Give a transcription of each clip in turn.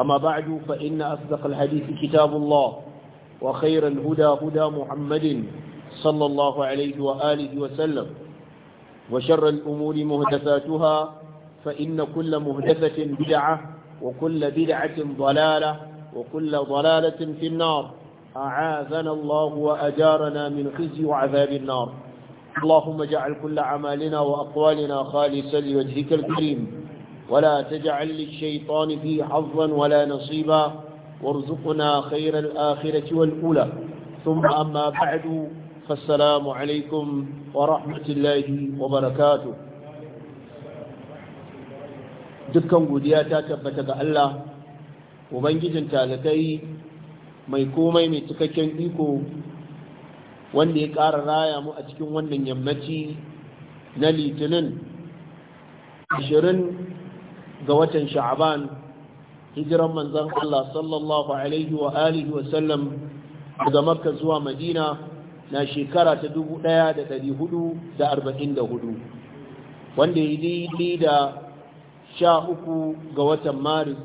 أما بعد فإن أصدق الحديث كتاب الله وخير الهدى هدى محمد صلى الله عليه وآله وسلم وشر الأمور مهدثاتها فإن كل مهدثة بدعة وكل بدعة ضلالة وكل ضلالة في النار أعاذنا الله وأجارنا من خزي وعذاب النار اللهم اجعل كل عمالنا وأقوالنا خالصا لوجهك الكريم ولا تجعل للشيطان فيه حظا ولا نصيبا وارزقنا خير الآخرة والأولى ثم أما بعد فالسلام عليكم ورحمة الله وبركاته dukkan godiya ta tabbata ga Allah ubangijin talakai mai komai mai cikakken iko wanda ya ƙara raya mu a cikin wannan yammaci na litinin ga watan sha'aban hijiran manzan Allah sallallahu alaihi wa alihi wa sallam daga makka zuwa madina na shekara ta 1444 wanda ya daidai da sha uku ga watan maris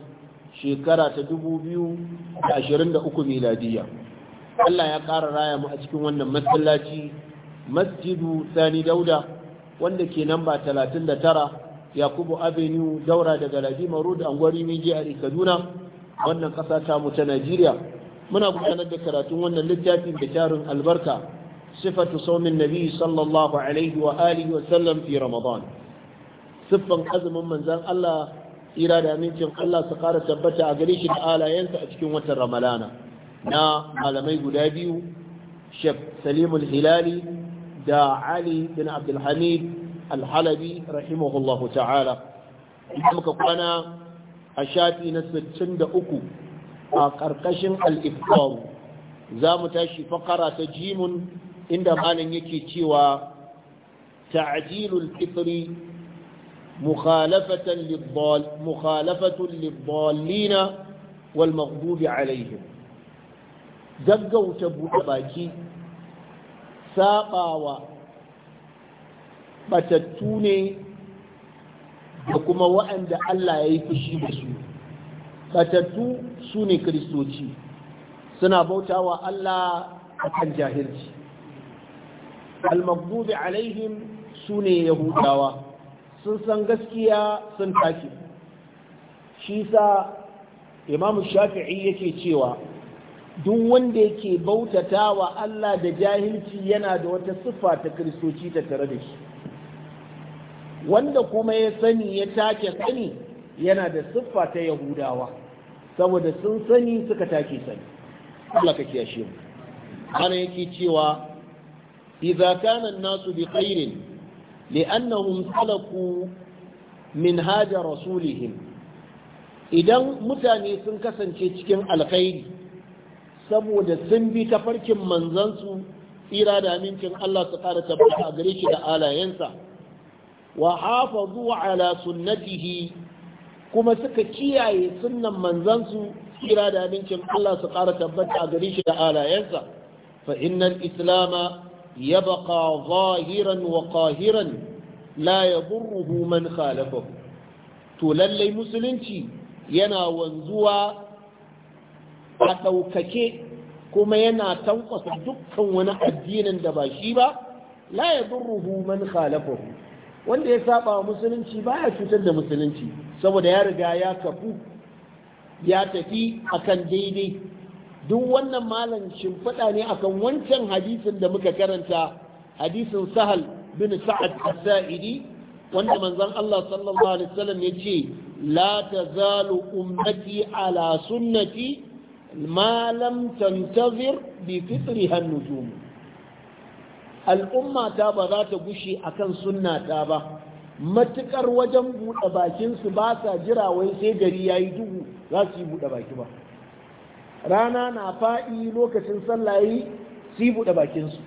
shekara ta ashirin 2023 miladiya Allah ya ƙara raya mu a cikin wannan masallaci masjidu sani dauda wanda ke namba tara. yakubu avenue daura daga ladima road angwari mai jihar e, kaduna wannan ƙasa ta mu ta najeriya muna gudanar da karatun wannan littafin da tarin albarka sifatu saumin nabi sallallahu alaihi wa alihi wa sallam fi ramadan siffan azumin manzon Allah ira da amincin Allah su ƙara tabbata a gare shi da alayensa a cikin watan Ramadana. na malamai guda biyu shek Salimul Hilali da Ali bin Abdulhamid alhalabi rahimahullahu ta'ala idan muka kwana a shafi na 63 a karkashin al-iftar za mu tashi fakara ta jimun inda malin yake cewa ta'jilul fitri مخالفة للضال wal للضالين والمغضوب gaggauta buɗe baki saɓawa batattu ne da kuma waɗanda Allah ya yi fushi da su batattu su ne kiristoci suna bautawa Allah a kan jahilci almagdubi alaihim su ne yahudawa sun san gaskiya sun tashi shi sa imam shafi'i yake cewa duk wanda yake bautata wa Allah da jahilci yana da wata siffa ta kiristoci ta tare da shi wanda kuma ya sani ya take sani yana da siffa ta yahudawa saboda sun sani suka take sani Allah ka kiyashe mu ana yake cewa idza kana an-nasu bi khairin li'annahum salaku min haja rasulihim idan mutane sun kasance cikin alkhairi saboda sun bi ta farkin manzansu tsira da amincin Allah su fara tabbata gare shi da alayensa wa hafazu ala sunnatihi kuma suka kiyaye sunnan manzansu kira da abincin Allah su kara tabbata a gare shi da alayensa fa innal islama yabqa zahiran wa qahiran la yadurruhu man khalafahu to lallai musulunci yana wanzuwa a ɗaukake kuma yana tankwasa dukkan wani addinin da ba shi ba la ruhuman man wanda ya saba wa musulunci baya cutar da musulunci saboda ya riga ya kafu ya tafi akan daidai duk wannan malam shimfiɗa ne akan wancan hadisin da muka karanta hadisin sahal bin sa'ad as-sa'idi wanda manzon Allah sallallahu alaihi wasallam ya ce la tazalu ummati ala sunnati ma lam tantazir bi fitriha an-nujum al'ummata ba za ta gushe akan sunnata ba Matuƙar wajen buɗe bakinsu ba sa jira wai sai gari ya yi duhu za su yi buɗe baki ba rana na faɗi lokacin sallaye su yi buɗe bakinsu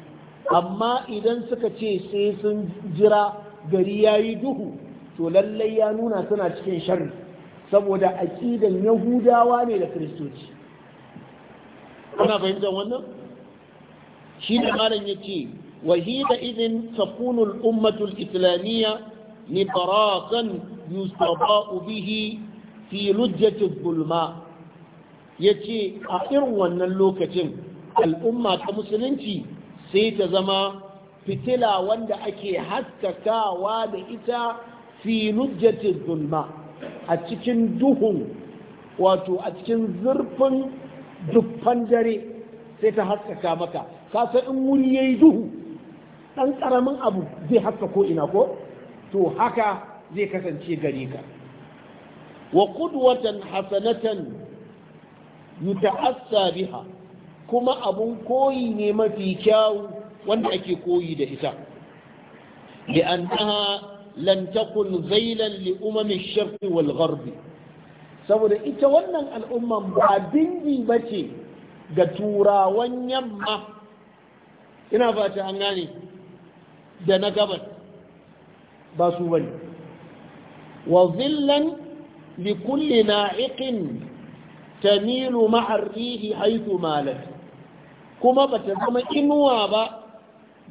amma idan suka ce sai sun jira gari ya yi duhu to lallai ya nuna suna cikin sharri saboda aƙidan yahudawa ne da kiristoci ana fahimtar wannan shi da malam ya ce وحينئذ تكون الأمة الإسلامية نطراقا يستضاء به في لجة الظلماء يتي أقروا أن اللوكة الأمة المسلمة سيتزمى فتلا وند أكي حتى كاواد إتا في لجة الظلماء أتكن دهم واتو أتكن ذرف دفن جري سيتحسك مكا كاسا أمولي يدهو ɗan ƙaramin abu zai haska ko ina ko to haka zai kasance gare ka wa qudwatan hasanatan yuta'assa biha kuma abun koyi ne mafi kyau wanda ake koyi da ita li'annaha lan takun zailan li umami ash wal saboda ita wannan al'umman ba dingi ce ga turawan yamma ina fata an gane da na gabas ba su bane wa zillan li kulli na'iqin tamilu ma'a rihi haythu malat kuma bata zama inuwa ba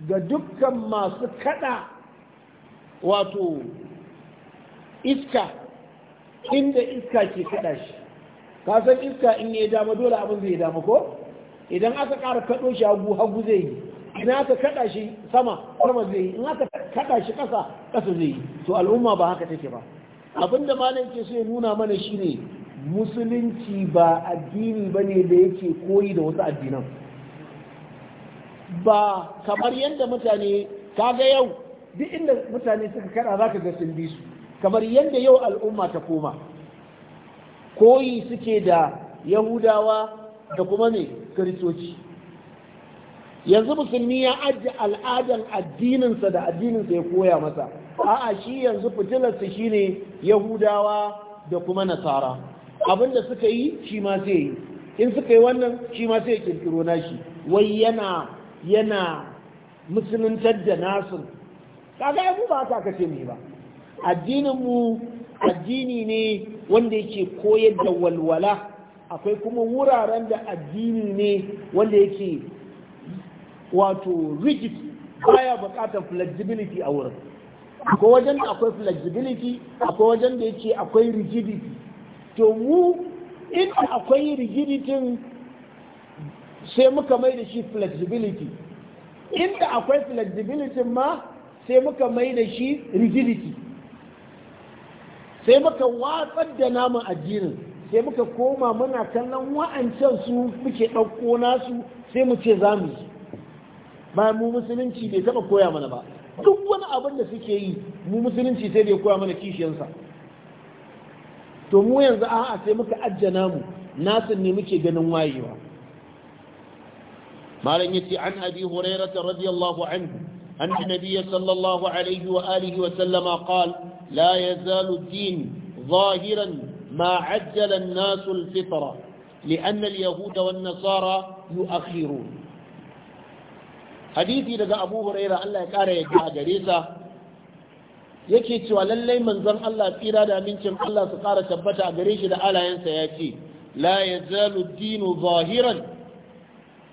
ga dukkan masu kada wato iska inda iska ke kada shi ka san iska in ya dama dole abin zai dama ko idan aka ƙara kaɗo shi hagu hagu zai yi ina aka kada shi sama sama zai yi in aka kada shi kasa kasa zai yi to al'umma ba haka take ba abinda malam ke so ya nuna mana shine musulunci ba addini bane da yake koyi da wasu addinan ba kamar yadda mutane kaga yau duk inda mutane suka kada zaka ga sun bi su kamar yadda yau al'umma ta koma koyi suke da yahudawa da kuma ne kiristoci yanzu musulmi ya ajiye al'adan addininsa da addininsa ya koya masa a'a shi yanzu fitilarsa shine yahudawa da kuma nasara abinda suka yi shi ma sai yi in suka yi wannan shi ma sai kirkiro nashi wai yana yana musuluntar da nasu kaga yabu ba ta kace ne ba addinin mu addini ne wanda yake koyar da walwala akwai kuma wuraren da addini ne wanda yake wato rigid baya buƙatar flexibility a wurin akwai wajen da akwai flexibility akwai wajen da yake akwai rigidity to mu in akwai rigidity sai muka mai da shi flexibility inda akwai flexibility ma sai muka mai da shi rigidity sai muka watsar da namun addinin sai muka koma muna kallon wa'ancan su muke ɗauko nasu sai mu ce za mu yi bayan mu musulunci bai taba koya mana ba duk wani abin da suke yi mu musulunci sai bai koya mana kishiyansa to mu yanzu a'a sai muka ajjana mu nasin ne muke ganin wayewa malam yace an abi hurairah radiyallahu anhu أن النبي صلى الله عليه وآله وسلم قال لا يزال الدين ظاهرا ما عجل الناس الفطرة لأن اليهود والنصارى يؤخرون hadisi daga abu huraira Allah ya kara yadda a gare sa yake cewa lallai manzon Allah tsira da amincin Allah su kara tabbata a gare shi da alayensa ya ce la yazalu dinu zahiran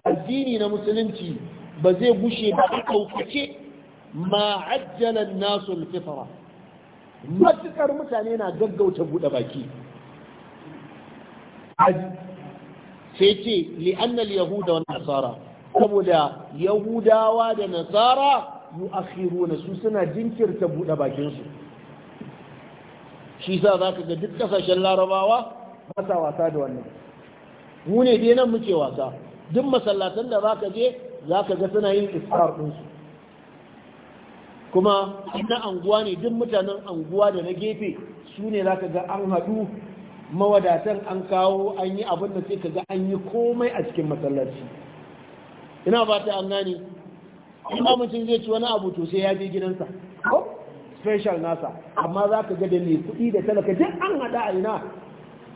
addini na musulunci ba zai gushe ba kaukace ma ajjala nasu alfitra matukar mutane na gaggauta buɗe baki sai ce li'annal yahuda wani asara. saboda yahudawa da nasara na su suna jinkirta buɗe bakinsu shi sa za ka ga duk ƙasashen larabawa ba sa wasa da wannan mu ne dai nan muke wasa duk masallatan da za je za ka ga suna yin isfar ɗinsu kuma na anguwa ne duk mutanen anguwa da na gefe su ne za ka ga an haɗu mawadatan an kawo an yi abin da sai ka ga an yi komai a cikin masallaci ina ba ta amna ne ina mutum zai ci wani abu to sai ya je gidansa ko special nasa amma za ka ga da mai kuɗi da talaka duk an haɗa a ina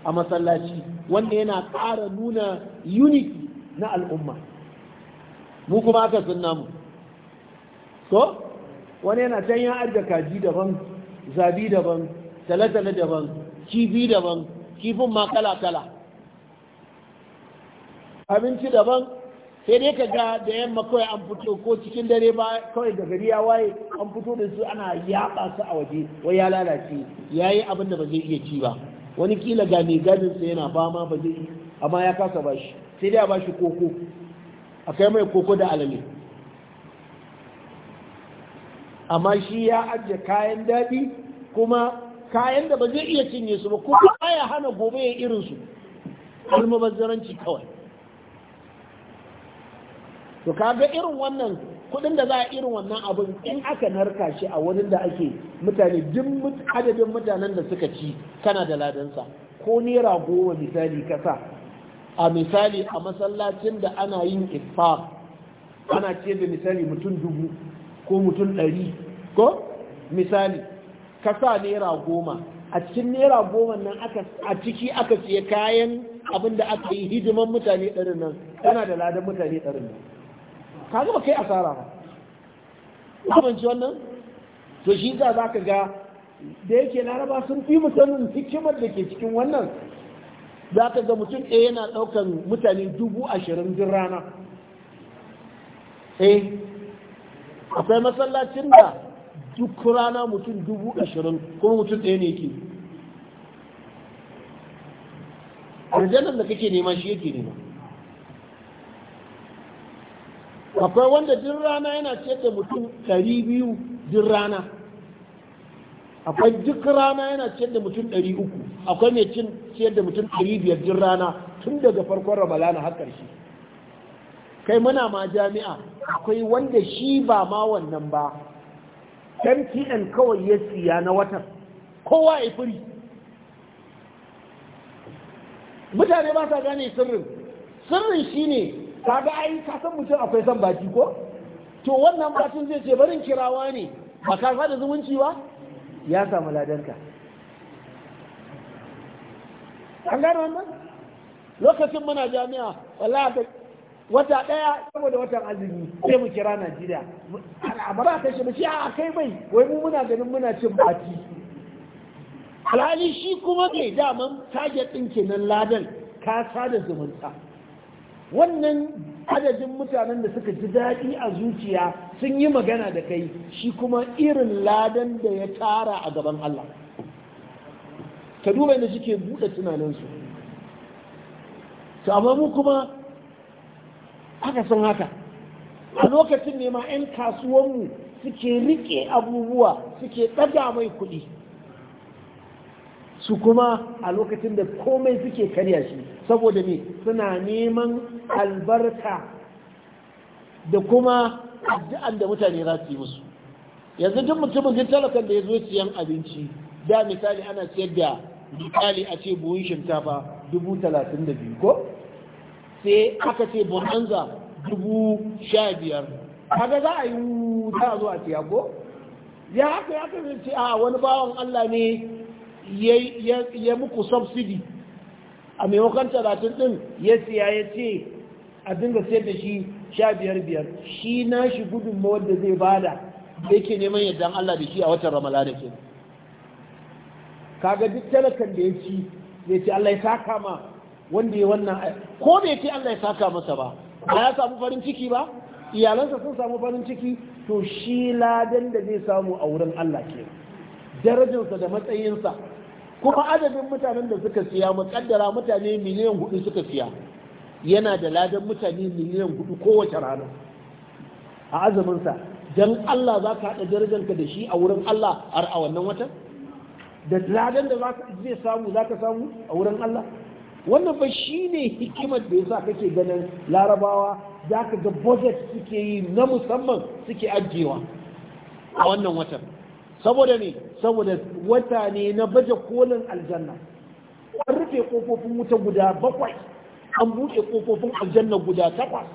a masallaci wanda yana ƙara nuna unity na al'umma mu kuma aka sun namu Ko wani yana can ya arga kaji daban zabi daban talatala daban kifi daban kifin ma kala-kala abinci daban sai dai ka ga da yamma kawai an fito ko cikin dare ba kawai da gari ya waye an fito da su ana yaɓa su a waje wai ya lalace ya yi abin da ba zai iya ci ba wani kila ga mai gadin sa yana fama ba zai amma ya kasa bashi sai dai a shi koko a kai mai koko da alale amma shi ya ajiye kayan daɗi kuma kayan da ba zai iya cinye su ba kuma ya hana gobe ya irin su almubazzaranci kawai to ga irin wannan kudin da za a irin wannan abin in aka narka shi a wurin da ake mutane duk adadin mutanen da suka ci kana da ladansa ko nera goma misali kasa a misali a masallacin da ana yin ifa ana ce da misali mutum dubu ko mutum ɗari ko misali kasa nera goma a cikin nera goma nan a ciki aka siya kayan abin da aka yi hidiman mutane ɗarin nan kana da ladan mutane ɗarin nan ka zama kai asara ba kamanci wannan to shi za za ka ga da yake laraba sun fi mutanen hikimar da ke cikin wannan za ka ga mutum ɗaya yana ɗaukan mutane dubu ashirin din rana eh akwai masallacin da duk rana mutum dubu ashirin kuma mutum ɗaya ne ke a da kake nema shi yake nema akwai wanda din rana yana ciyar da mutum ɗari biyu din rana akwai duk rana yana ciyar da mutum ɗari uku akwai mai cin ciyar da mutum ɗari biyar din rana tun daga farkon na har ƙarshe kai muna ma jami'a akwai wanda shi ba ma wannan ba mtn kawai ya siya na watan kowa ya firi mutane ba sa gane sirrin sirrin shine kaga ai ka san mutum akwai son baki ko to wannan bakin zai ce barin kirawa ne ba ka fada zumunci ba ya samu ladanka an gano wannan lokacin muna jami'a wallahi wata daya saboda watan azumi sai mu kira Najeriya al'amara ta shi mace a kai bai wai mu muna ganin muna cin baki alhali shi kuma bai daman target din kenan ladan ka sada zumunta wannan adadin mutanen da suka ji daɗi a zuciya sun yi magana da kai shi kuma irin ladan da ya tara a gaban Allah ka duba yadda suke buɗe tunaninsu to amma mu kuma aka san haka a lokacin ne ma 'yan kasuwanmu suke rike abubuwa suke ɗaga mai kuɗi su kuma a lokacin da komai suke karya shi saboda me suna neman albarka da kuma addu'an da mutane za su yi musu yanzu duk mutumin jin talakan da ya zo siyan abinci da misali ana siyar da misali a ce buhun shinkafa dubu talatin da biyu ko sai aka ce bonanza dubu sha biyar kaga za a yi wuta zuwa siya ko ya haka ya kasance a wani bawan Allah ne ya muku subsidi a maimakon talatin din ya siya ya ce a dinga sayar da shi sha biyar biyar shi na shi gudunmawar da zai bada da yake neman yadda Allah da shi a watan ramalana ke kaga duk talakan da ya ci ya ce Allah ya saka ma wanda ya wannan ko da ya ce Allah ya saka masa ba ba ya samu farin ciki ba iyalansa sun samu farin ciki to shi ladan da zai samu a wurin Allah ke darajarsa da matsayinsa kuma adadin mutanen da suka siya muƙaddara mutane miliyan hudu suka siya yana da ladan mutane miliyan hudu kowace rana a azuminsa don Allah za ka haɗa darajarka da shi a wurin Allah a wannan watan da ladan da zai samu za ka samu a wurin Allah wannan ba shi ne hikimar da ya sa kake ganin larabawa za ka ga budget suke yi na musamman suke ajiyewa a wannan watan saboda ne saboda wata ne na baje kolin aljanna an rufe kofofin wuta guda bakwai an buɗe kofofin aljanna guda takwas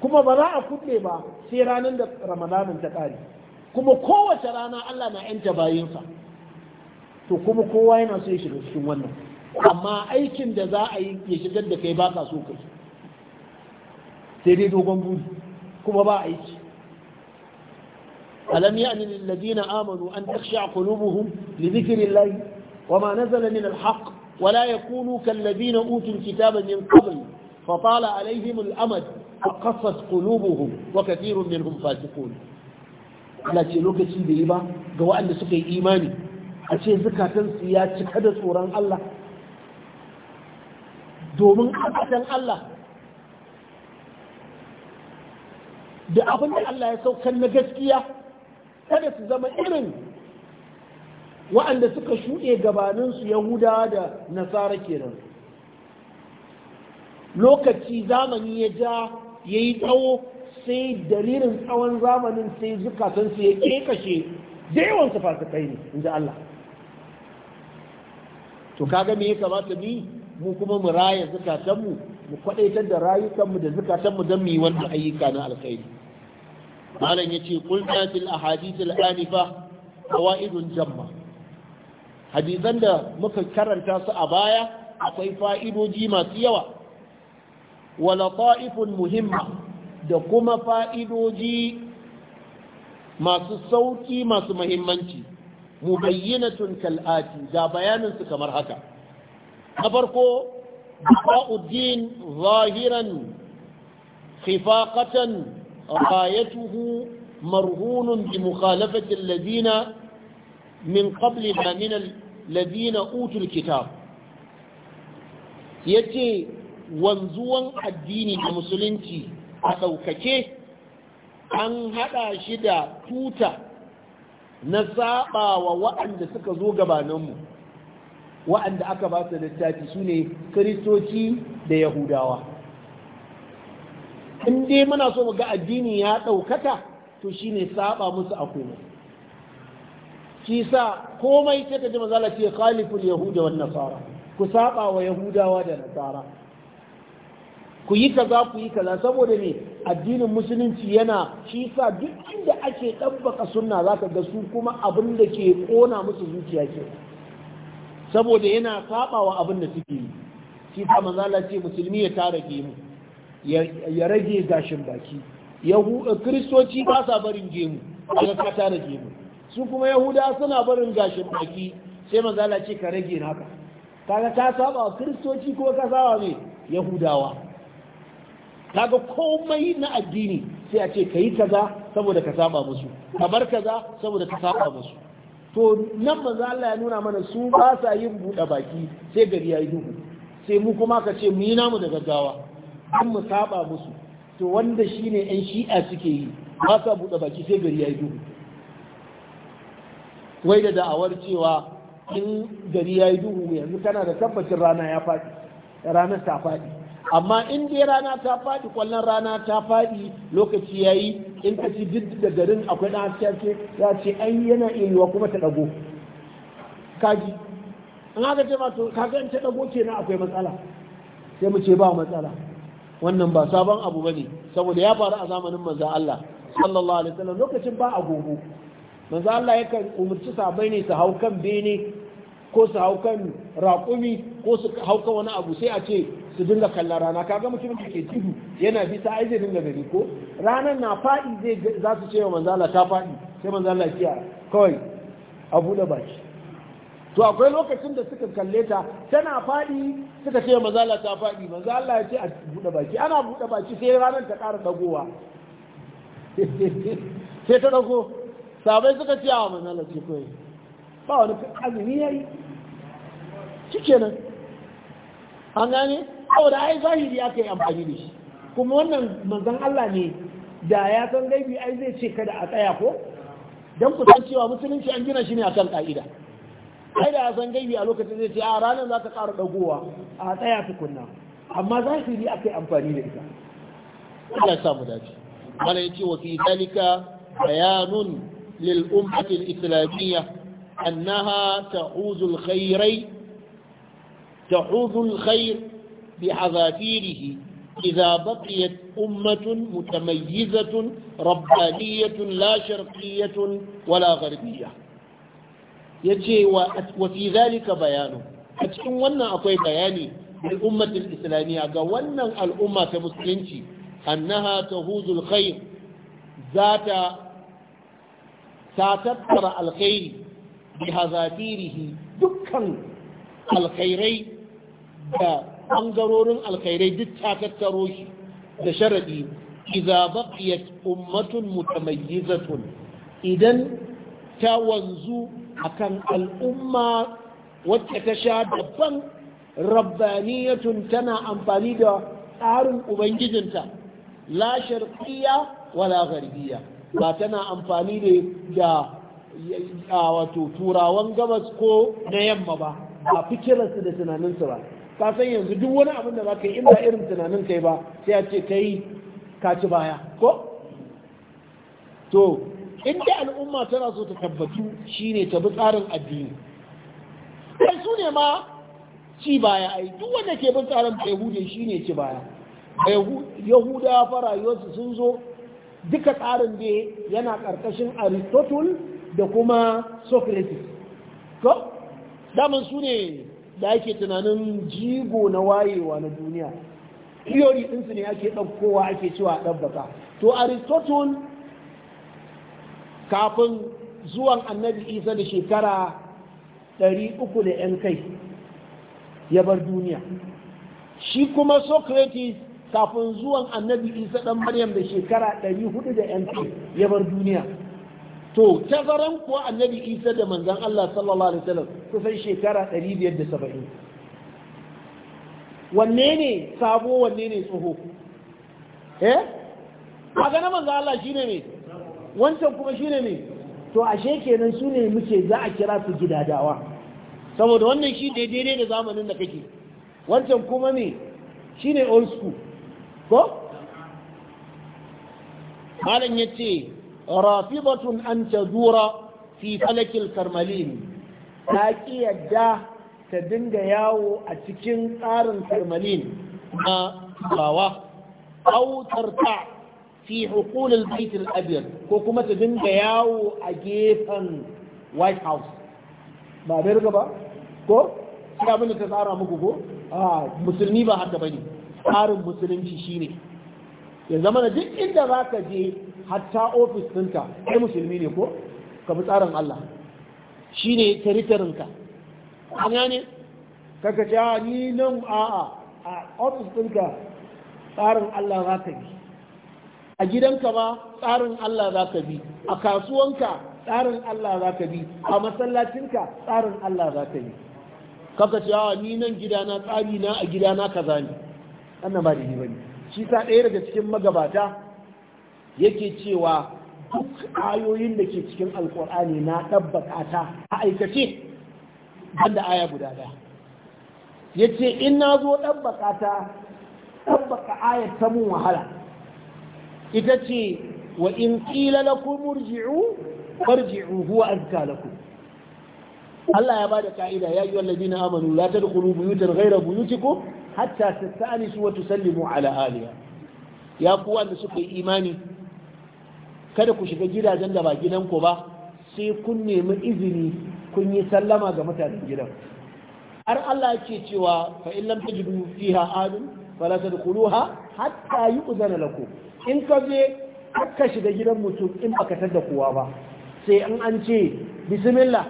kuma ba za a kuɗe ba sai ranar da ramadanin ta ƙare kuma kowace rana Allah na yanta bayansa to kuma kowa yana sai shiga cikin wannan amma aikin da za a yi ya shigar da kai baka so kai sai dai dogon buri kuma ba aiki ألم يأن للذين آمنوا أن تخشع قلوبهم لذكر الله وما نزل من الحق ولا يكونوا كالذين أوتوا الكتاب من قبل فطال عليهم الأمد فقصت قلوبهم وكثير منهم فاسقون ala ce lokaci da yi ba ga waɗanda suka yi imani a ce zukatansu ya cika da tsoron Allah domin abatan Allah da abin da Allah ya saukar na gaskiya kada su zama irin wa'anda suka shuɗe gabaninsu yahuda da nasara kenan lokaci zamani ya ja ya yi tsawo sai dalilin tsawon zamanin sai zukatansu ya ƙeƙashe da yawansu kai ne in ji Allah to kaga me ya kamata ni mu kuma mu raya zukatanmu mu kwadaitar da rayukanmu da zukatanmu don mu yi wannan ayyuka na alkhairi malam yace qulna fil ahadith al anifa fawaidun jamma hadisan da muka karanta su a baya akwai fa'idoji masu yawa wa lataifun muhimma da kuma fa'idoji masu sauki masu muhimmanci mubayyinatun kal'ati ga bayanin su kamar haka na farko ba'uddin zahiran khifaqatan رايته مرهون بمخالفة الذين من قبلها من الذين أوتوا الكتاب يتي wanzuwan addini da musulunci a ɗaukake an haɗa shi da tuta na saɓawa wa waɗanda suka zo gabaninmu waɗanda aka basu su littafi su ne kiristoci da yahudawa in dai muna so mu ga addini ya ɗaukaka to shi ne saba musu a komai shi sa komai sai ka ji mazala ce khaliful yahuda wa nasara ku saba wa yahudawa da nasara ku yi kaza ku yi kaza saboda ne addinin musulunci yana shi sa duk inda ake ɗabbaka sunna zaka ga su kuma abin da ke ƙona musu zuciya ke saboda yana saba wa abin da suke yi shi sa mazala ce musulmi ya tara gemu ya rage gashin baki kiristoci ba sa barin gemu ga kata da gemu su kuma yahuda suna barin gashin baki sai manzala ce ka rage naka kaga ta saba wa kristoci ko ka saba ne yahudawa kaga komai na addini sai a ce ka yi kaza saboda ka saba musu ka bar kaza saboda ka saba musu to nan manzo Allah ya nuna mana su ba sa yin buɗe baki sai gari ya yi duhu sai mu kuma ka ce mu yi namu da gaggawa don mu saba musu to wanda shine yan shi'a suke yi ba sa buɗe baki sai gari ya yi duhu wai da da'awar cewa in gari ya yi duhu yanzu tana da tabbacin rana ya faɗi ranar ta faɗi amma in dai rana ta faɗi kwallon rana ta faɗi lokaci ya yi in ka ci duk da garin akwai ɗan haske ya ce ai yana iya kuma ta ɗago kaji in haka ce ma to kaga in ta ɗago na akwai matsala sai mu ce ba matsala wannan ba sabon abu ba ne saboda ya faru a zamanin manzan Allah sallallahu alaihi wasallam lokacin ba agogo manzan Allah yakan umarci sabai ne su hau kan bene ko su hau kan raƙumi ko su hau kan wani abu sai a ce su dinga kallon rana kaga mutumin da ke tudu yana bisa ai zai dinga gari ko ranar na faɗi zai za su ce wa manzan Allah ta faɗi sai manzan Allah ya kawai a buɗe baki to akwai lokacin da suka kalle ta tana fadi suka ce Allah ta fadi, maza Allah ya ce a buɗe baki ana buɗe baki sai ranar ta ƙara dagowa sai ta dago sabai suka ce a Allah ce kawai ba wani azumi ya yi cike nan an gane da ai zahiri aka yi amfani da shi kuma wannan manzan Allah ne da ya san gaibi ai zai ce kada a tsaya ko don ku san cewa musulunci an gina shi ne akan ka'ida sai da san gaibi a lokacin zai ce a ranar za ta ƙara ɗagowa a tsaya tukunna amma zahiri akai amfani da ita Allah ya mu dace mana yace wa fi dalika bayanun lil ummati al-islamiyya annaha ta'uzu al-khayri ta'uzu al-khayr bi'azafirihi إذا بقيت أمة متميزة ربانية لا شرقية wala غربية ya ce wa fi zalika bayanu a cikin wannan akwai bayani al'ummatin islamiyya ga wannan al'umma ta musulunci annaha tahuzul khair zata ta tattara alkhairi bi hazafirihi dukkan alkhairai da ɓangarorin alkhairai duk ta tattaro shi da sharadi idza baqiyat ummatun mutamayyizatun idan ta wanzu akan al'umma wacce ta sha daban rabbaniyatun tana amfani da tsarin ubangijinta la sharqiyya wala gharbiyya ba tana amfani ne da a wato turawan gabas ko na yamma ba a fikirarsu da tunaninsu ba ka san yanzu duk wani abin da za ka yi in irin tunanin kai ba sai a ce yi ka ci baya ko to in inda al'umma tana so ta tabbatu shine ta bi tsarin addini kai su ne ma ci baya ai duk wanda ke bin tsarin yahudi shine ci baya yahuda fa rayuwarsu sun zo duka tsarin da yana karkashin aristotle da kuma socrates ko daman su ne da ake tunanin jigo na wayewa na duniya theory ɗinsu ne ake ɗaukowa ake cewa ɗabbaka to aristotle kafin zuwan annabi isa da shekara 300 da 'yan kai ya bar duniya shi kuma socrates kafin zuwan annabi isa ɗan maryam da shekara 400 da 'yan kai ya bar duniya to tazaran kuwa annabi isa da manzan allah sallallahu alaihi wasallam kusan shekara 570 wanne ne sabo wanne ne tsoho eh a ganin manzan allah shine ne wancan kuma shi ne to ashe kenan su ne muke za a kira su gidadawa saboda wannan shi daidai da zamanin da kake wancan kuma ne old school ko malam yace rafidatun an tadura fi falakil karmalin ta ki yadda ta dinga yawo a cikin tsarin karmalin na bawa hautarta. ta fi hukunin baitul abiyar ko kuma ta dinga yawo a gefen white house ba bai ba ko sai abin da ta tsara muku ko a musulmi ba haka bane tsarin musulunci shine ya zama da duk inda za ka je hatta ofis ɗinka kai musulmi ne ko ka bi tsarin Allah shine teritorinka an gane kaka ce ni nan a'a a ofis ɗinka tsarin Allah za ka yi a gidanka ma tsarin Allah za ka bi a kasuwanka tsarin Allah za ka bi a masallacinka tsarin Allah za ka bi kaka cewa ni nan gidana tsari na a gidana kaza ne annan ba da bane shi sa ɗaya daga cikin magabata yake cewa duk ayoyin da ke cikin alkur'ani na ɗabbaka ta a aikace banda aya guda ɗaya ce in na zo ɗabbaka ta ɗabbaka ayar ta mun wahala ita ce wa in qila lakum irji'u farji'u huwa azka lakum Allah ya bada ka'ida ya ayyuhal na amanu la tadkhulu buyutan ghayra buyutikum hatta tasta'nisu wa tusallimu ala ahliha ya kuwa da suka yi imani kada ku shiga gidajen da ba gidanku ba sai kun nemi izini kun yi sallama ga mutanen gidan har Allah yake cewa fa in lam tajidu fiha adun fala tadkhuluha hatta yu'zana lakum in ka je ka shiga gidan mutum in baka tada kowa ba sai in an ce bismillah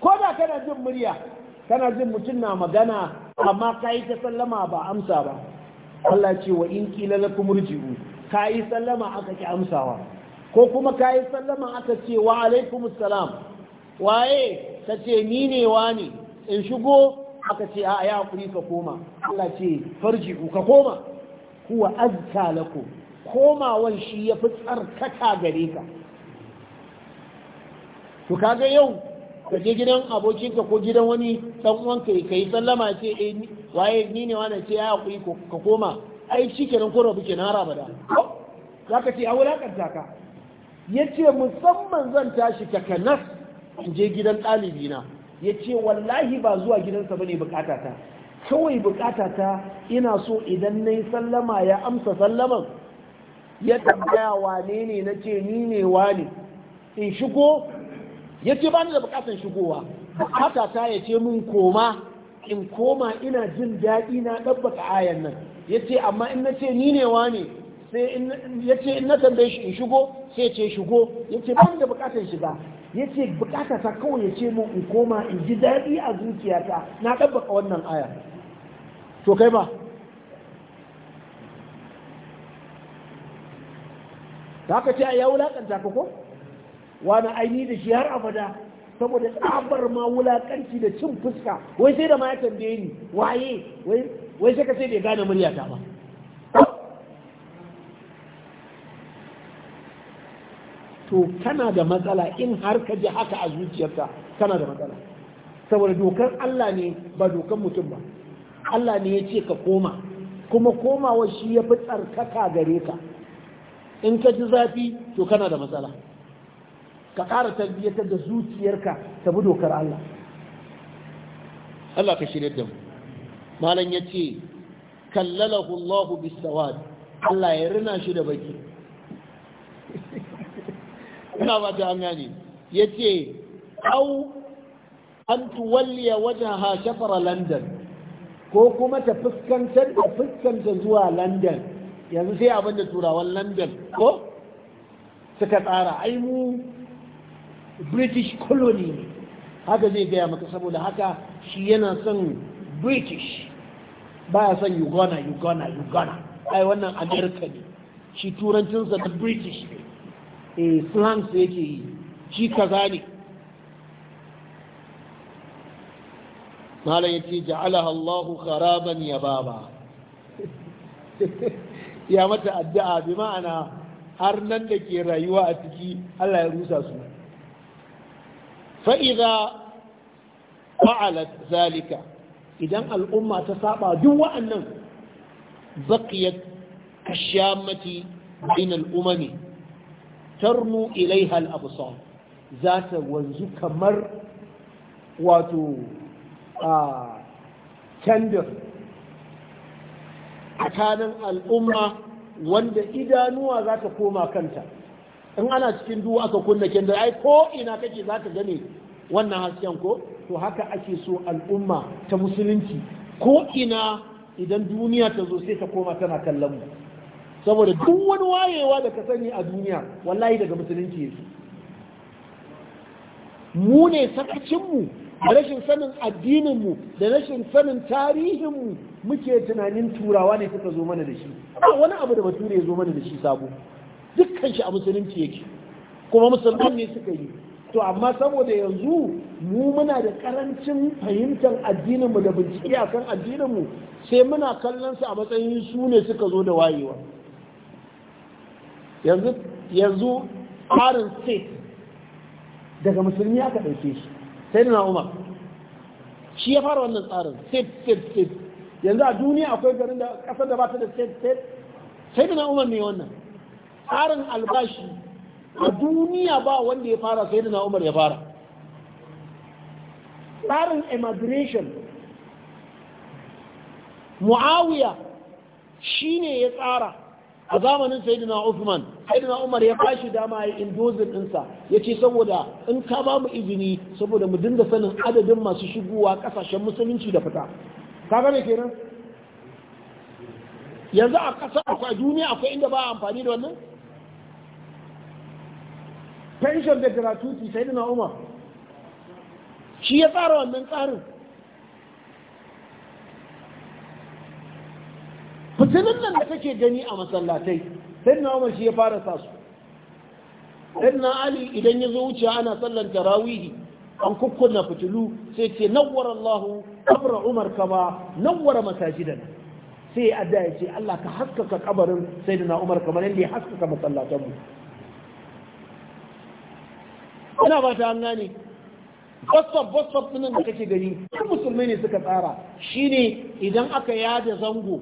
ko da kana jin murya kana jin mutum na magana amma ka yi ta sallama ba amsa ba Allah ce wa in kila kuma rji'u ka yi sallama aka ki amsawa ko kuma ka yi sallama aka ce wa alaikum salam waye ka ce ni ne ne in shigo aka ce a ya kuri ka koma Allah ce farji ka koma huwa azka lakum komawan shi ya fi tsarkaka gare ka to kaga yau ka je gidan abokinka ko gidan wani dan uwan kai sallama ce eh waye ni ne wannan ce ya ka koma ai shikenan ko rabu kenan raba da. zaka ce a wulakanta ka yace musamman zan tashi takanas in je gidan ɗalibina ya ce wallahi ba zuwa gidansa ba ne bukatata kawai bukata ta ina so idan na yi sallama ya amsa sallaman ya tambaya wane ne na ce ni ne wane in shigo ya ce ba ni da bukatar shigowa bukata ta ya ce mun koma in koma ina jin daɗi na ɗabbaka ayan nan ya ce amma in na ce ni ne wane sai ya ce in na tambaye shi in shigo sai ce shigo ya ce ni da bukatar shiga ya ce bukata ta kawai ya ce mun in koma in ji daɗi a zuciyata na ɗabbaka wannan aya to kai ba ta ka ce a ya wulaƙanta ka ko wani aini da shi har abada saboda tsabar ma wulaƙanci da cin fuska wai sai da ma ya tambaye ni waye wai sai ka sai bai gane muryata ba to kana da matsala in har ka ji haka a zuciyarka kana da matsala saboda dokar Allah ne ba dokar mutum ba Allah ne ya ce ka koma kuma komawa shi ya fi tsarkaka gare ka in ka ji zafi to kana da matsala ka ƙara tarbiyyata da zuciyarka ta bi dokar Allah Allah ka shirya da mu malam ya ce kallalahu Allah bisawad Allah ya rina shi da baki ina ba ta an ya ce au an tuwalliya wajen ha shafara london ko kuma ta fuskantar da fuskanta zuwa london yanzu sai abin da turawan london ko suka tsara ai mu british colony ne haka zai gaya maka saboda haka shi yana son british baya son Uganda, Uganda, Uganda. ai wannan america ne shi turancinsa da british ne eh slang yake yi shi kaza ne malam ya ce ja'alaha Allahu kharaban ya baba ya mata addu'a bi ma'ana har nan da ke rayuwa a ciki Allah ya rusa su fa'iza fa'alat zalika idan al'umma ta saba duk wa'annan baqiyat kashamati bain al'umami tarnu ilaiha al-absar za ta wanzu kamar wato a kanin al'umma wanda idanuwa za ta koma kanta in ana cikin duwa aka kunna kendir ai ko ina kake za ka gane wannan hasken ko to haka ake so al'umma ta musulunci ko ina idan duniya ta zo sai ta koma tana kallon mu saboda duk wani wayewa da ka sani a duniya wallahi daga musulunci yake mu ne sakacin mu. da rashin sanin addininmu da rashin sanin tarihinmu muke tunanin turawa ne suka zo mana da shi ba wani abu da bature ya zo mana da shi sabo dukkan shi a musulunci yake kuma musulman ne suka yi to amma saboda yanzu mu muna da karancin fahimtar addininmu da bincike akan addininmu sai muna kallon su a matsayin su ne suka zo da wayewa yanzu yanzu tsarin daga musulmi aka ɗauke shi sai na umar shi ya fara wannan tsarin state state state yanzu a duniya akwai garin da kasar da ba ta da state state sai na umar ne wannan tsarin albashi a duniya ba wanda ya fara sai na umar ya fara tsarin immigration mu'awiya shi ne ya tsara a zamanin sayyidina Uthman sayyidina Umar ya bashi dama ya indozin ɗinsa ya ce saboda in ka ba mu izini saboda mu dinga sanin adadin masu shigowa ƙasashen musulunci da fita ka gane kenan yanzu a ƙasa akwai duniya akwai inda ba amfani da wannan pension da gratuity sayyidina Umar shi ya tsara wannan tsarin fitilun nan da kake gani a masallatai sai na umar shi ya fara sa su sai na ali idan ya zo wuce ana sallan tarawihi an kukkuna fitilu sai ce nawwar allahu kabra umar kama nawwar masajidan sai adda ya ce allah ka haskaka kabarin sai na umar kamar yadda ya haskaka masallatanmu ina ba ta an gane whatsapp whatsapp nan da kake gani musulmai ne suka tsara shine idan aka yada zango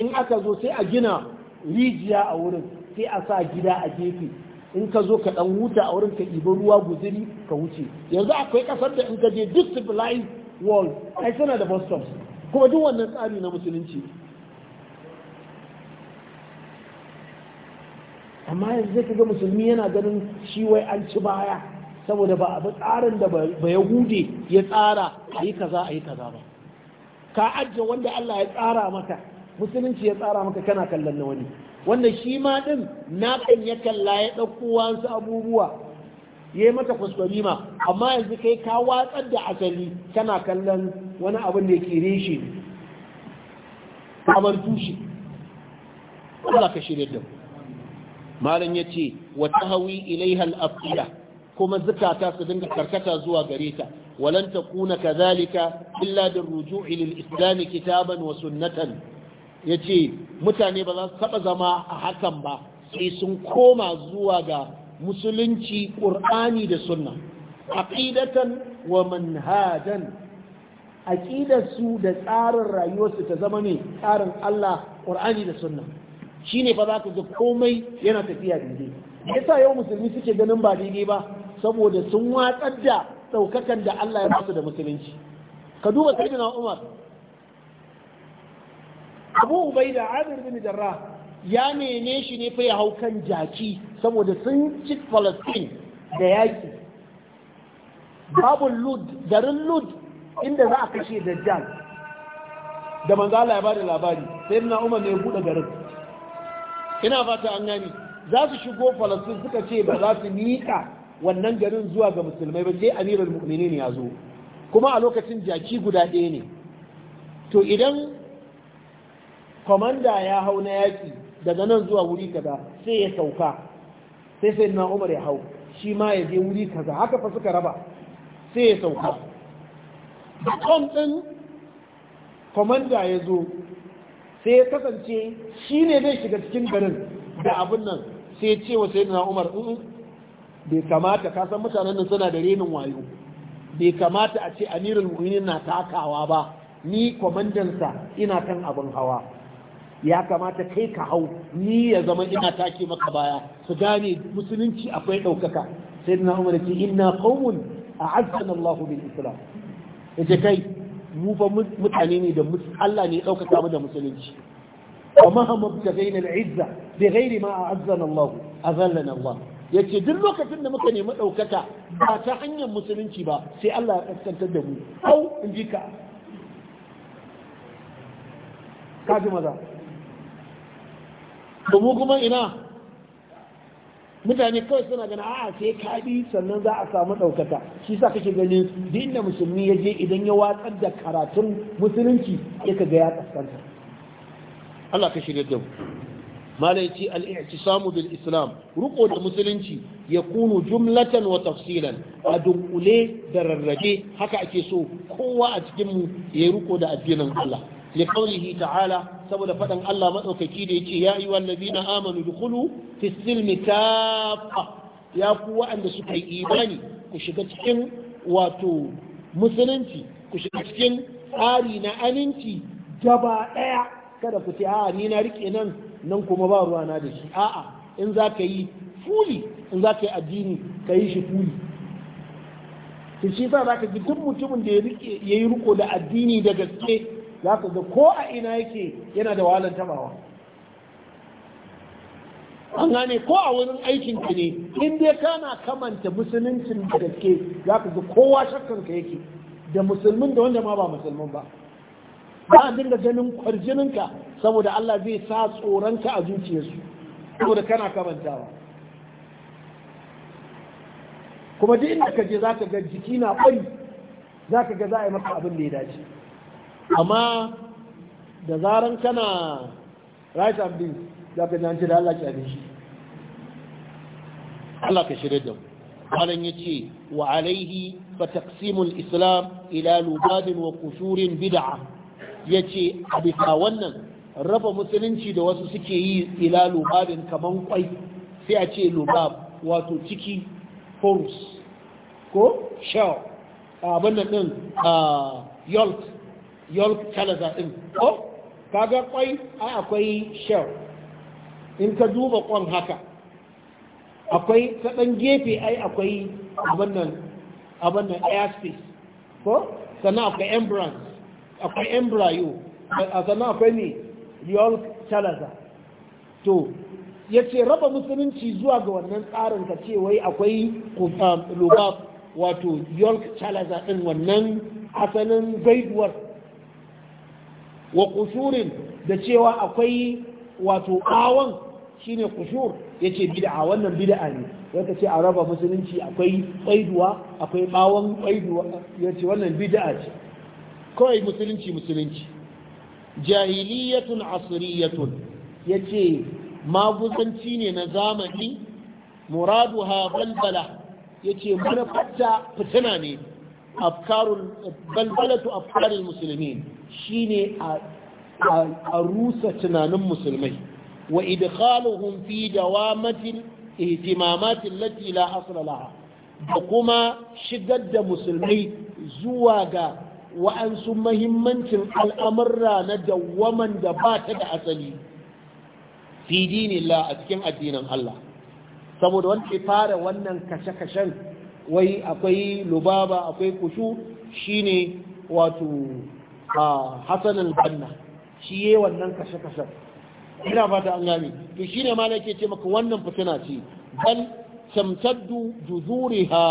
in aka zo sai a gina rijiya a wurin sai a sa gida a gefe in ka zo ka dan huta a wurin ka ibi ruwa guziri ka wuce yanzu akwai kasar da in ka je duk civilized world ai suna da bus stops kuma duk wannan tsari na musulunci amma yanzu zai ga musulmi yana ganin shi wai an ci baya saboda ba abu tsarin da ba hude ya tsara a yi kaza a yi kaza ba ka ajiye wanda Allah ya tsara maka musulunci ya tsara maka kana kallon na wani wanda shi ma din na kan ya kalla ya ɗauko wasu abubuwa ya yi mata kuskure ma amma yanzu kai ka watsar da asali kana kallon wani abin da ke reshe ne kamar tushe Allah ka shirya da malam ya ce wata hawi ilaihal afiya kuma zukata su dinga karkata zuwa gare ta walan takuna kazalika illa da ruju'i lil islam kitaban wa sunnatan ya ce mutane ba za su taɓa zama a hakan ba sai sun koma zuwa ga musulunci ƙur'ani da sunna ƙidatan wa manhajan aqidarsu da tsarin rayuwarsu ta zama ne tsarin Allah ƙur'ani da shi ne ba za ka ga komai yana tafiya daidai yasa yau musulmi suke ganin ba daidai ba saboda sun watsar da ɗaukakan da Allah ya basu da musulunci ka duba da Umar abu ubaida amir bin jarra, ya nene shi ne fai hau kan jaki saboda sun ci falastin da yaki babu lud garin lud inda za a kashe dajjal da manzo labari labari sai na umar ne ya bude garin ina fata an gani za su shigo falastin suka ce ba za su nika wannan garin zuwa ga musulmai ba sai amirul mu'minin ya zo kuma a lokacin jaki guda ɗaya ne to idan kwamanda ya hau na yaƙi daga nan zuwa wuri kaza sai ya sauka sai sai na umar ya hau shi ma ya je wuri kaza haka fa suka raba sai ya sauka kom ɗin kwamanda ya zo sai ya kasance shi ne zai shiga cikin garin da abin nan sai ya ce wa sai na umar mm, mm, bai kamata kasan mutanen nan suna da renin wayo bai kamata a ce amirin mu'minin na takawa ba ni kwamandansa ina kan abin hawa ya kamata kai ka hau ni ya zama ina take maka baya su gane musulunci akwai ɗaukaka sai na umar ce inna qaumun a'azzana Allah bil islam yace kai mu fa mutane ne da Allah ne ɗaukaka mu da musulunci wa mahamma btagaina al-izza bi ghairi ma a'azzana Allah azallana Allah yace duk lokacin da muka nemi ɗaukaka ba ta hanyar musulunci ba sai Allah ya kaskantar da mu hau in ji ka kaji maza to mu kuma ina mutane kawai suna gana a sai ka bi sannan za a samu ɗaukata. shi sa kake ganin duk inda musulmi ya je idan ya watsar da karatun musulunci ya ka ga ya kaskanta Allah ka shirya da mu malaici al-i'tisamu bil islam ruko da musulunci ya kunu jumlatan wa tafsilan a dunkule da rarrabe haka ake so kowa a cikin mu ya ruko da addinin Allah li qawlihi ta'ala saboda faɗan Allah maɗaukaki da yake ya yi wallazi na amanu Kulu fi silmi kafa ya ku wa'anda suka yi imani ku shiga cikin wato musulunci ku shiga cikin tsari na aminci gaba ɗaya kada ku ce a'a ni na rike nan nan kuma ba ruwa na da shi a'a in za ka yi fuli in za ka yi addini ka yi shi fuli to shi sa za ka ji duk mutumin da ya yi riko da addini da gaske za ka ga ko a ina yake yana da walan tabawa an gane ko a wurin aikin ka ne inda dai kana kamanta musuluncin da gaske za ka ga kowa shakkan ka yake da musulmin da wanda ma ba musulmin ba ba a dinga ganin kwarjininka saboda Allah zai sa tsoronka a zuciyarsu saboda kana kamantawa kuma duk inda ka je za ka ga jiki na ɓari za ka ga za a yi maka abin da ya dace amma da zaran kana rice and beans za ka jance da Allah kyale shi Allah ka shirya da mu malam yace wa alaihi fa taqsimul islam ila lubadin wa kusurin bid'a yace a bisa wannan raba musulunci da wasu suke yi ila lubabin kaman kwai sai a ce lubab wato ciki force ko shell abin nan din yolk york talaza din ko oh, kaga kwai ai akwai shell in ka duba kwan haka akwai ta dan gefe ai akwai abin nan abin nan airspace ko sannan akwai embrance akwai embryo sannan akwai ne york talaza to ya ce raba musulunci zuwa ga wannan tsarin ka ce wai akwai um, lobab wato york chalaza din wannan asalin gaiduwar wa kushurin da cewa akwai wato awon shine kushur yace bid'a wannan bid'a ne yaka ce a raba musulunci akwai ƙwaiduwa akwai bawon ƙwaiduwa yace wannan bid'a ce kawai musulunci musulunci jahiliyatun asriyatun yace maguzanci ne na zamani Muradu ha balbala yace mana manufarta fitina ne afkarul balbalatu afkarul muslimin shine a rusa tunanin musulmai wa idkhaluhum fi dawamatin ihtimamatin lati la asla laha da kuma shigar da musulmai zuwa ga wa'ansu mahimmancin al'amurra na dawwaman da ba ta da asali fi dinillah a cikin addinin Allah saboda wanda ya fara wannan kashe-kashen wai akwai lubaba akwai kushu shine wato Hassan al-Banna shi yayi wannan kashe-kashen ina fata an gane to shine ma nake ce maka wannan fitina ce bal tamtaddu juzuriha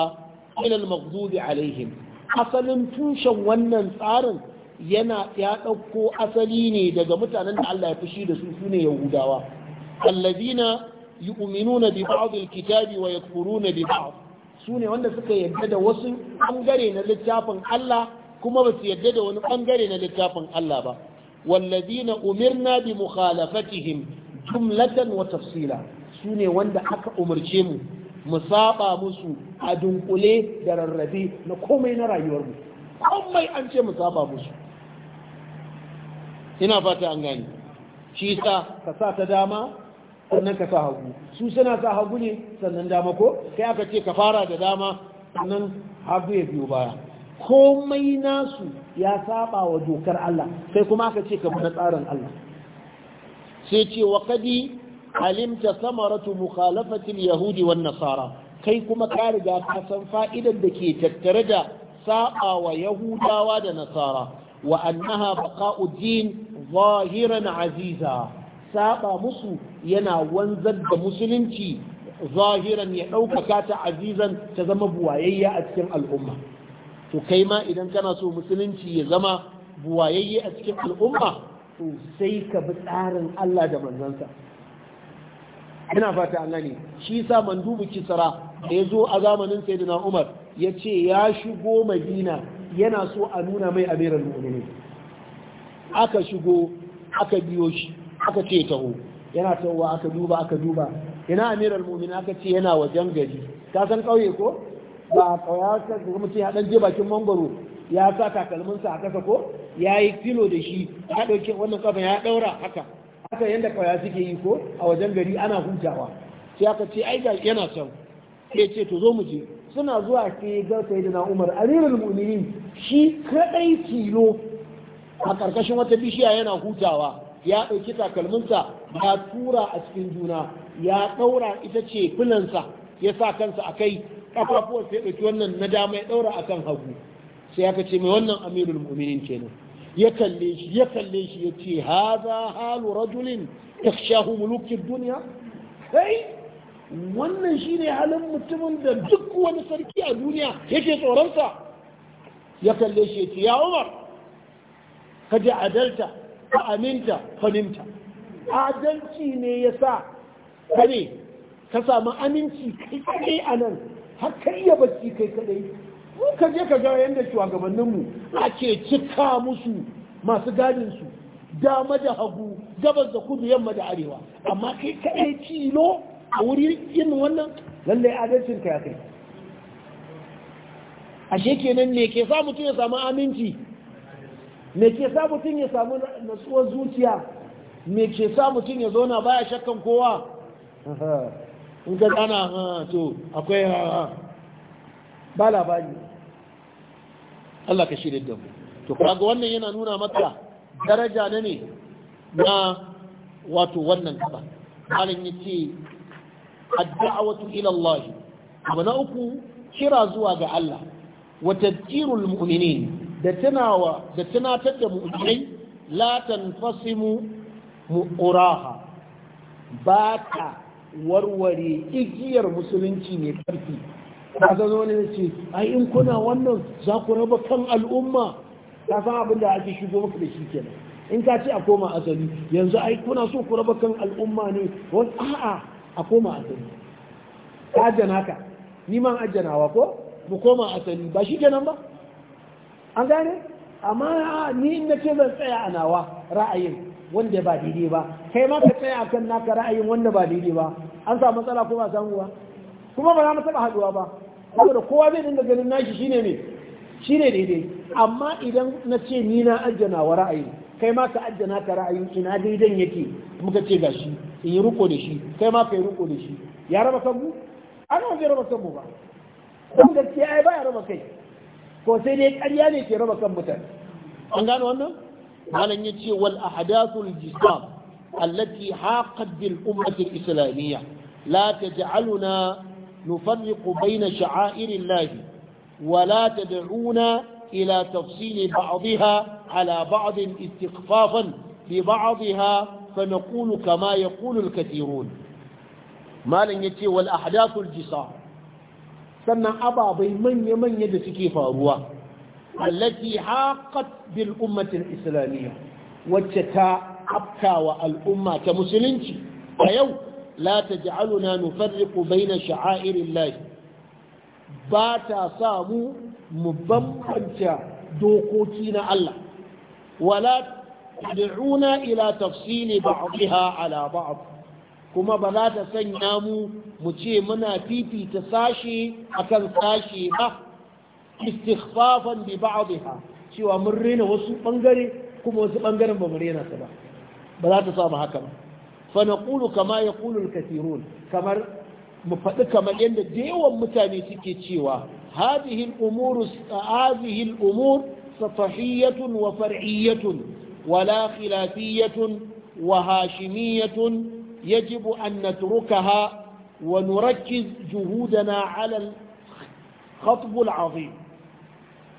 ila al-maghdubi alaihim asalin tushen wannan tsarin yana ya ɗauko asali ne daga mutanen da Allah ya fushi da su sune Yahudawa allazina yu'minuna bi ba'd al-kitabi wa yakfuruna bi ba'd sune wanda suka yarda da wasu bangare na littafin Allah kuma ba su yadda da wani bangare na littafin Allah ba wallazina umirna bi mukhalafatihim jumlatan wa tafsila sune wanda aka umarce mu mu saba musu a dunkule da rarrabe na komai na rayuwar mu komai an ce mu saba musu ina fata an gani shi sa ka sa ta dama sannan ka sa hagu su suna sa hagu ne sannan dama ko kai aka ce ka fara da dama sannan hagu ya biyo baya komai nasu ya saba wa dokar Allah sai kuma aka ce kamar tsarin Allah sai ce wa kadi alimta samaratu mukhalafatil yahudi wan nasara kai kuma ka riga ka san fa'idar da ke tattare da saba wa yahudawa da nasara wa annaha baqa'u zahiran aziza saba musu yana wanzar da musulunci zahiran ya ɗaukaka ta azizan ta zama buwayayya a cikin al'umma to kai ma idan kana so musulunci ya zama buwayayye a cikin al'umma to sai ka bi tsarin Allah da manzansa ina fata Allah ne shi sa mandubu kisra da ya a zamanin sayyidina Umar ya ce ya shigo Madina yana so a nuna mai amiral mu'minin aka shigo aka biyo shi aka ce taho yana tawwa aka duba aka duba ina amiral mu'minin aka ce yana wajen gari ka san kauye ko ba kawasa ga mutum ya dan je bakin mangoro ya sa takalminsa a kasa ko ya yi filo da shi ya ɗauki wannan kafa ya ɗaura haka haka yadda kawai suke yi ko a wajen gari ana hutawa sai aka ce ai yana can sai ce to zo mu je suna zuwa sai ga sayyidina Umar amirul mu'minin shi kadai tilo a karkashin wata bishiya yana hutawa ya ɗauki takalminsa ya tura a cikin juna ya ɗaura ita ce filansa ya sa kansa a kai kafafuwar sai ɗauki wannan na dama ya ɗaura akan hagu sai aka ce mai wannan amirul mu'minin kenan ya kalle shi ya kalle shi ya ce haza halu rajulin yakhshahu mulukin duniya? kai wannan shine halin mutumin da duk wani sarki a duniya yake tsoronsa ya kalle shi ya ce ya Umar ka ji adalta ka aminta fanimta adalci ne ya sa ka ne ka samu aminci kai a nan har ka iya bacci kai kadai mu ka je ka ga yanda yadda mu ake cika musu masu su dama da hagu gabas da kudu yamma da arewa amma kai kadai tilo a wuri yin wannan lallai adalcin ka ya kai ashe kenan ne ke sa mutum ya samu aminci me ke sa mutum ya samu natsuwar zuciya me ke sa mutum ya zauna baya shakkan kowa in ka ana ah, to akwai ha ah, ah. ba labari Allah ka shirya da mu to kaga wannan yana nuna maka daraja ne ne na wato wannan kaba halin ya ce dawatu ila Allah abu na uku kira zuwa ga Allah wata tadhkirul mu'minin da tunawa da tunatar da mu'minai la tanfasimu mu'uraha ba ta warware igiyar musulunci ne karfi ka ne wani ce ai in kuna wannan za ku raba kan al'umma ka san abin da ake shigo maka da shi kenan in ka ce a koma asali yanzu ai kuna so ku raba kan al'umma ne wani a'a a koma asali ka ajana ka ni man ajanawa ko mu koma asali ba shi kenan ba an gane amma ni in na ce zan tsaya a nawa ra'ayin wanda ba daidai ba kai ma ka tsaya akan naka ra'ayin wanda ba daidai ba an samu matsala ko ba samu ba kuma ba za mu taba haduwa ba saboda kowa zai dinga ganin nashi shine ne shine daidai amma idan na ce ni na ajjana wa ra'ayi kai ma ka ajjana ka ra'ayin ina daidan yake muka ce gashi in yi ruko da shi kai ma ka yi ruko da shi ya raba kanmu an ya raba kanmu ba don gaskiya ai baya raba kai ko sai dai ƙarya ne ke raba kan mutane an gano wannan malam ya ce wal ahadathul jisam التي حاقت بالأمة الإسلامية لا تجعلنا نفرق بين شعائر الله ولا تدعونا إلى تفصيل بعضها على بعض استخفافا ببعضها فنقول كما يقول الكثيرون ما لن يتي والأحداث الجسار سنة أبا بيمن من يدسكي فأبوا التي حاقت بالأمة الإسلامية والشتاء wa al'umma ta musulunci a yau la taj'aluna nufarriqu baina sha'airillahi ba ta sa mu mu bambanta dokoki na Allah wala tad'una ila tafsili ba'dha ala ba'd kuma ba za ta sanya mu mu ce muna fifita sashi akan sashi ba istighfafan bi ba'dha cewa mun rena wasu bangare kuma wasu bangaren ba mu rena su ba ba za ta samu haka ba fana naqulu kama yaqulu al-kathirun kamar mu faɗi kamar yadda da yawan mutane suke cewa hadhihi al-umur hadhihi al-umur satahiyyatun wa far'iyyatun wala khilafiyatun wa hashimiyatun يجب أن نتركها ونركز جهودنا على الخطب العظيم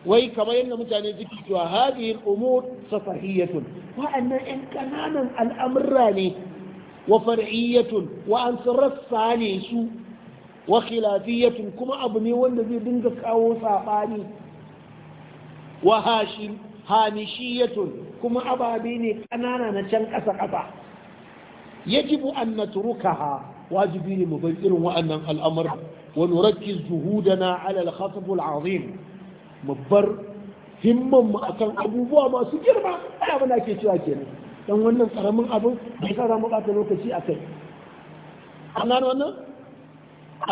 wai kamar yadda mutane suke cewa hadhihi al-umur safahiyatun wa'annan 'yan kananan al'amurra ne wa far'iyatun wa an sarrafa ne su wa khilafiyatun kuma abu ne wanda zai dinga kawo sabani wa hashim hamishiyatun kuma ababe ne kanana na can ƙasa ƙasa yajibu an natrukaha wajibi ne mu bar irin wa'annan al'amurra wa nurakkiz juhudana ala al-khatb al-azim babbar himman mu akan abubuwa masu girma ai abin da ake cewa kenan dan wannan karamin abin bai sa za mu bata lokaci a kai an gano wannan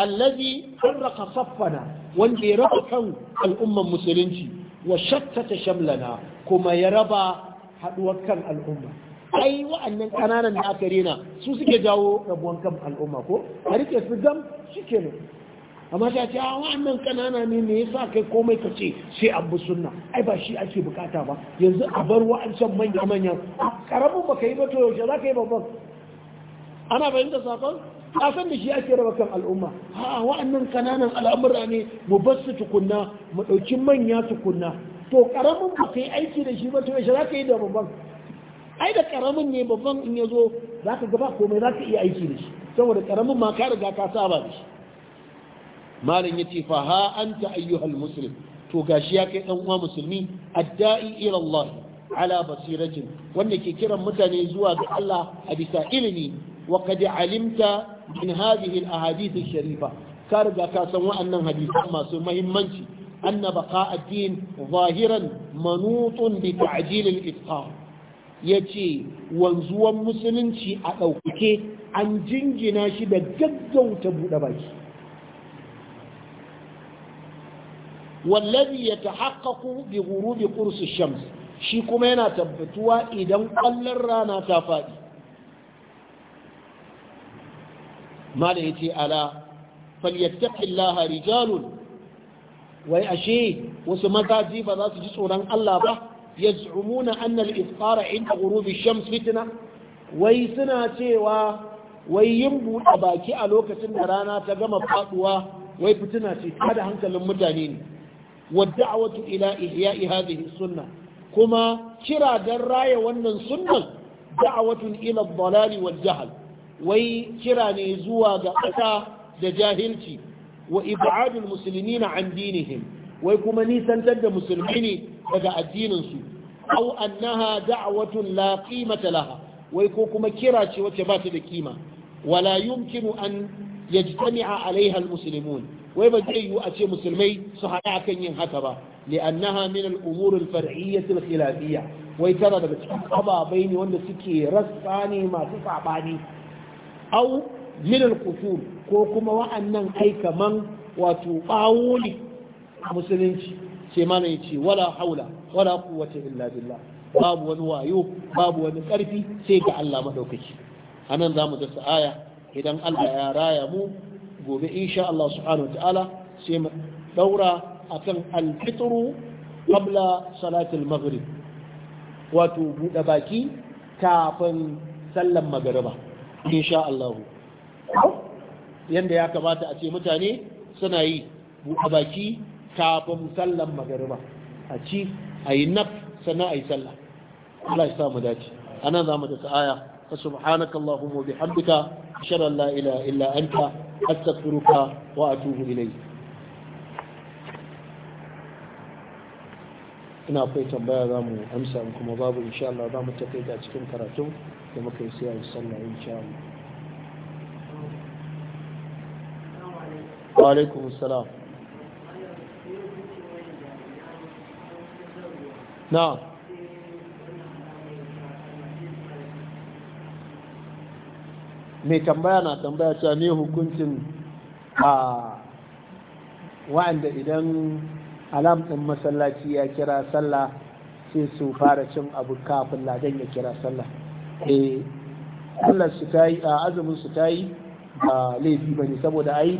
allazi farraqa saffana wanda ya raba kan al'umman musulunci wa shattata shamlana kuma ya raba haduwar kan al'umma ai wa'annan kananan da aka rena su suke jawo rabuwan kan al'umma ko a rike su gam shikenan amma ta ce a ah, wa'annan kanana ne me yasa kai komai ka ce sai abu sunna ai ba shi ake bukata ba yanzu a bar wa'ancan manya manya A ah, karamin ka yi ba to yaushe za ka yi babban ana fahimta sakon a san da shi ake raba kan al'umma a wa'annan kananan al'amura ne mu bar su tukunna mu ɗauki manya tukunna to karamin ba ka yi aiki da shi ba to yaushe za ka yi da babban ai da karamin ne babban in ya zo za ka gaba komai za ka iya aiki da shi saboda karamin ma ka riga ka saba da shi malam yace fa ha anta ayyuhal muslim to gashi ya kai dan uwa musulmi adda'i ila Allah ala basiratin wanda ke kiran mutane zuwa ga Allah a bisa ilimi wa alimta min hadhihi al ahadith al sharifa ka riga ka san wa'annan hadisan masu muhimmanci anna baqa ad-din zahiran manutun bi ta'jil al yace wanzuwan musulunci a dauke an jingina shi da gaggauta buɗe baki wallazi ya tahaqqaqu bi ghurubi qursi shams shi kuma yana tabbatuwa idan ƙwallon rana ta faɗi mala yace ala falyattaqillaha rijalun wai ashe wasu mazaji ba za su ji tsoron Allah ba yaz'umuna anna al-ifqara inda ghurubi shams fitina? wai suna cewa wai yin buɗe baki a lokacin da rana ta gama faduwa wai fitina ce da hankalin mutane ne والدعوة إلى إحياء هذه السنة كما كرا دراية ونن سنة دعوة إلى الضلال والجهل وي كرا نيزوا دعتا دجاهلتي وإبعاد المسلمين عن دينهم ويكما نيسان تد مسلمين لدى الدين أو أنها دعوة لا قيمة لها ويكما كرا شوات بات ولا يمكن أن يجتمع عليها المسلمون wai ba zai yiwu a ce musulmai su haɗa akan yin haka ba li'annaha min al-umur al-far'iyyah khilafiyya wai tana daga cikin ababai ne wanda suke rasa ne masu sabani au min al-qusur ko kuma wa'annan ai kaman wato bawuli a musulunci ce mana yace wala haula wala quwwata illa billah babu wani wayo babu wani karfi sai ga Allah madaukaki anan zamu da aya idan Allah ya raya mu gobe insha Allah subhanahu ta'ala sai daura akan al-fitru qabla salatul maghrib wato buɗe baki kafin sallan magariba insha Allah Yadda ya kamata a ce mutane suna yi buɗe baki kafin sallan magariba a ci a yi naf sannan a yi sallah Allah ya samu dace nan za mu da aya subhanakallahumma bihamdika ashhadu an la ilaha illa anta astaghfiruka wa atubu ina akwai tambaya za mu amsa in kuma babu insha Allah za mu takaita cikin karatun da muka yi sai a sallah insha Allah wa alaikum assalam na'am mai tambaya na tambaya cewa ne hukuncin a wa'anda idan alam ɗin masallaci ya kira sallah sai su fara cin abu kafin ladan ya kira sallah eh su ta yi azumin su ta yi ba laifi ba ne saboda ai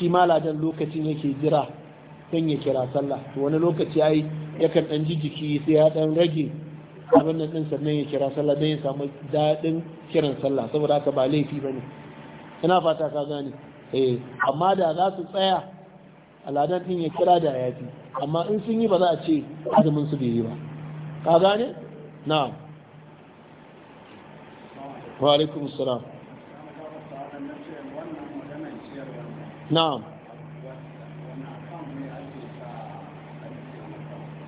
shi ma ladan lokacin yake jira don ya kira sallah wani lokaci ai yakan ɗan ji jiki sai ya ɗan rage abin nan din sannan ya kira sallah don ya samu daɗin kiran sallah saboda haka ba laifi ba ne ina fata ka gane eh amma da za su tsaya aladan din ya kira da yafi amma in sun yi ba za a ce azumin su bai yi ba ka gane na'am wa alaikum salam na'am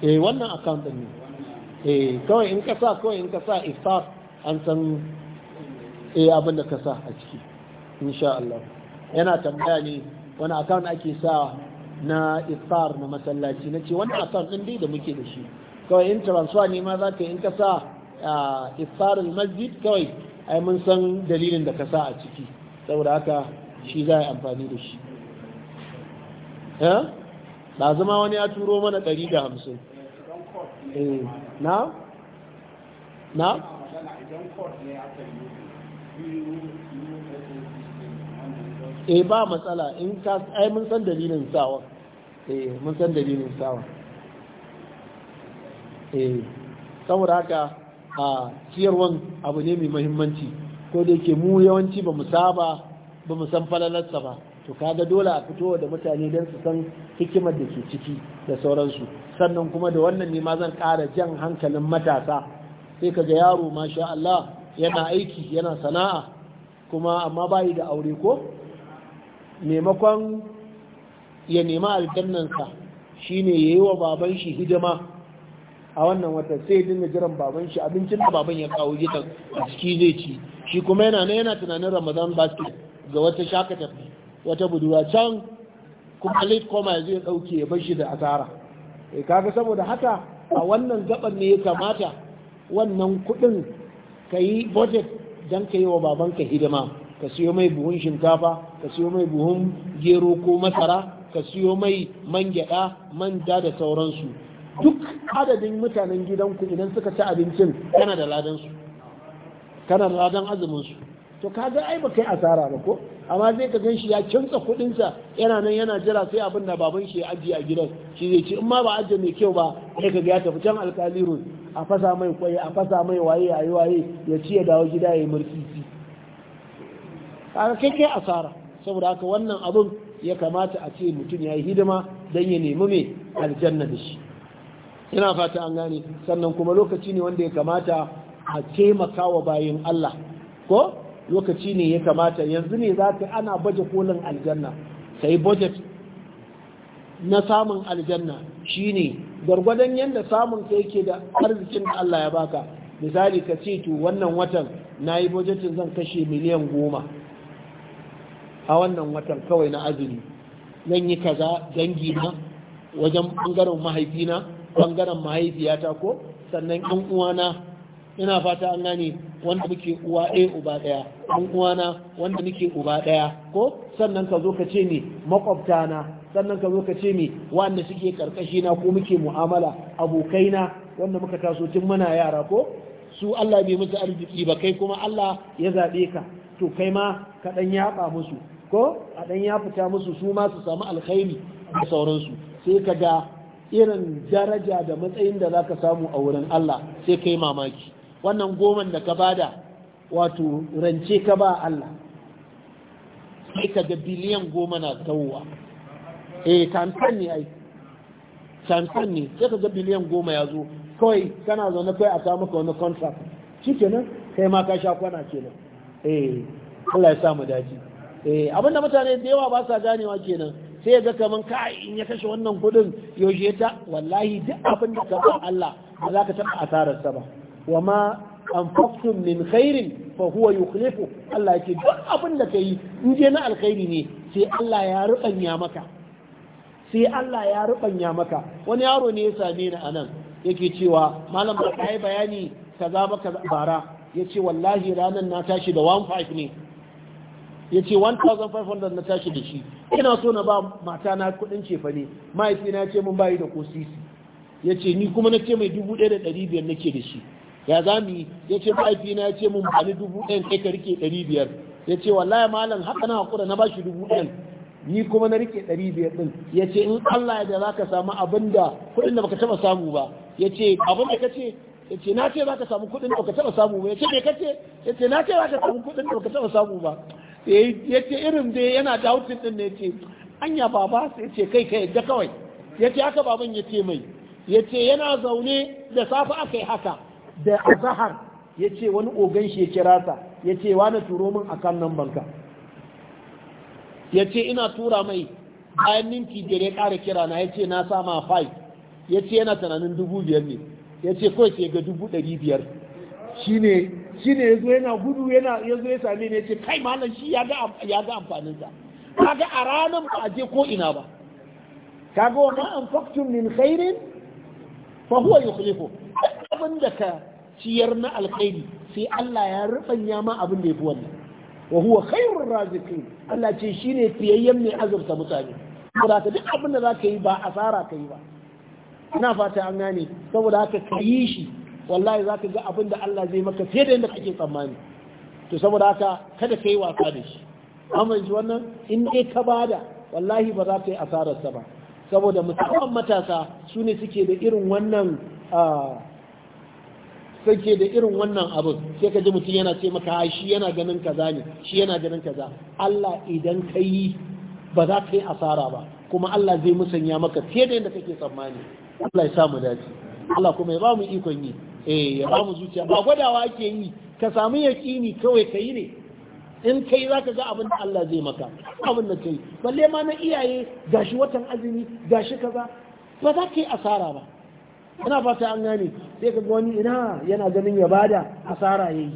eh wannan account din ne Eh, kawai in ka kawai in kasa iftar an san eh, abin da a ciki insha Allah yana tambaya ne wani account ake sa na iftar na masallaci na ce wani account din dai da muke da shi kawai in transfer ne ma za ka in kasa sa ah, masjid kawai ai mun san dalilin da kasa a ciki saboda haka shi za a amfani da shi ba eh? zama wani ya turo mana 150 eh na na E, ba matsala in ka ai mun san dalilin sawa eh mun san dalilin sawa eh saboda haka a ciyarwan abu ne mai muhimmanci ko da yake mu yawanci ba mu saba ba mu san falalarsa ba to kaga dole a fito da mutane don su san hikimar da ke ciki da sauransu sannan kuma da wannan ne ma zan ƙara jan hankalin matasa sai ka ga yaro masha Allah yana aiki yana sana'a kuma amma bayi da aure ko maimakon ya nema ne shine yayi wa baban shi hidima a wannan wata. sai dinga jiran baban shi abincin da baban ya kawo gidan a zai ci shi kuma yana nan yana tunanin Ramadan basket ga wata shakatar wata buduwa can kuma late koma zai dauke ya bashi da asara e kaga saboda haka a wannan gaban ne ya kamata wannan kudin ka yi budget don ka yi wa babanka hidima ka siyo mai buhun shinkafa ka siyo mai buhun gero ko masara ka siyo mai man gyada manja da sauransu duk adadin mutanen gidanku idan suka ci abincin kana da ladan su kana da ladan azumin to kaga ai ba kai asara ba ko amma zai ka gan shi ya kuɗin kuɗinsa yana nan yana jira sai abin da baban shi ya ajiye a gidan shi zai ce in ma ba ajiye mai kyau ba sai ka ga ya tafi can alkalirun a fasa mai kwaye a fasa mai waye a yi waye ya ci ya dawo gida ya yi murtisi kaga kai kai asara saboda haka wannan abin ya kamata a ce mutum ya yi hidima don ya nemi mai aljanna da shi ina fata an gane sannan kuma lokaci ne wanda ya kamata a taimaka wa bayin Allah ko lokaci ne ya kamata yanzu ne za ka ana baje kolin aljanna ka yi budget na samun aljanna shine gwargwadon yadda samun ka yake da arzikin da Allah ya baka misali ka ce to wannan watan na yi budgetin zan kashe miliyan goma a wannan watan kawai na azumi zan yi kaza dangi na wajen bangaren mahaifina bangaren mahaifiyata ko sannan 'yan uwana ina fata an gane wanda muke uwa ɗaya uba ɗaya uwa uwana wanda muke uba ɗaya ko sannan ka zo ka ce ni makwabtana sannan ka zo ka ce ni wanda suke karkashi na ko muke mu'amala abokaina wanda muka taso tun muna yara ko su Allah bai musu arziki ba kai kuma Allah ya zaɓe ka to kai ma ka ɗan yaɓa musu ko a ɗan ya fita musu su ma su samu alkhairi da sauransu sai ka ga irin daraja da matsayin da za ka samu a wurin Allah sai kai mamaki wannan goman da ka bada wato rance ka ba Allah sai ka biliyan goma na tawowa eh tantan ne ai Tantan ne sai ka ga biliyan goma ya zo kawai kana zaune kai a samu ka wani contract shi nan kai ma ka sha kwana kenan eh Allah ya samu daji eh abinda mutane da yawa ba sa ganewa kenan sai ya ga kaman ka in ya kashe wannan kudin yaushe ta wallahi duk abin da ka ba Allah ba za ka taɓa asararsa ba Wama ma anfaqtum min khairin fa huwa yukhlifu Allah yake duk abin da kai in na alkhairi ne sai Allah ya rubanya maka sai Allah ya rubanya maka wani yaro ne ya same ni anan yake cewa malam ba kai bayani kaza ba kaza bara yace wallahi ranan na tashi da 15 ne yace 1500 na tashi da shi ina so na ba mata na kudin cefa ne mahaifina ya ce mun bayi da kosisi yace ni kuma na ce mai 1500 nake da shi ya za mu yi ya ce mahaifina ya ce mun bani dubu ɗayan kai ka rike ɗari biyar ya ce wallahi malam haka na haƙura na bashi dubu ɗayan ni kuma na rike ɗari biyar ɗin ya ce in Allah ya da za ka samu abin da kuɗin da baka taɓa samu ba ya ce abin da ka ce ya ce na ce za ka samu kuɗin da baka taɓa samu ba ya ce me ka ce ya ce na ce za ka samu kuɗin da baka taɓa samu ba ya ce irin dai yana doubting ɗin ne ya ce anya baba sai ce kai ka yadda kawai ya ce haka baban ya ce mai ya ce yana zaune da safe aka yi haka da azahar ya ce wani ogan shi ya kira ta ya ce wani turo min a kan nan banka ya ce ina tura mai bayan ninki biyar ya ƙara kira na ya ce na sama fai ya ce yana tunanin dubu biyar ne ya ce kawai ce ga dubu ɗari biyar shi ne ya zo yana gudu ya zo ya same ne ya ce kai malam shi ya ga amfaninsa ga a ranar ba a je ko ina ba ga wa ma faktun min khairin fa huwa yukhlifu abin da ka ciyar na alkhairi sai Allah ya rubanya ma abin da fi wannan wa huwa khairur raziqin Allah ce shine fiyayyen mai azurta mutane saboda ka duk abin da zaka yi ba asara ka yi ba ina fata an gane saboda haka ka yi shi wallahi zaka ga abin da Allah zai maka fiye da yadda kake tsammani to saboda haka kada ka yi wasa da shi amma shi wannan in dai ka bada wallahi ba za ka yi asararsa ba saboda musamman matasa su ne suke da irin wannan ah, sanke da irin wannan abin sai ka ji mutum yana ce maka shi yana ganin kaza ne shi yana ganin kaza Allah idan ka yi ba za ka yi asara ba kuma Allah zai musanya maka fiye da yadda kake tsammani Allah ya sa dace Allah kuma ya ba mu ikon yi eh ya ba mu zuciya ba gwadawa ake yi ka samu yaƙini kawai ka ne in kai zaka ga abin da Allah zai maka abin da kai balle ma na iyaye gashi watan azumi gashi kaza ba za ka yi asara ba ina fata an gane sai ka wani ina yana ganin ya bada asara yayi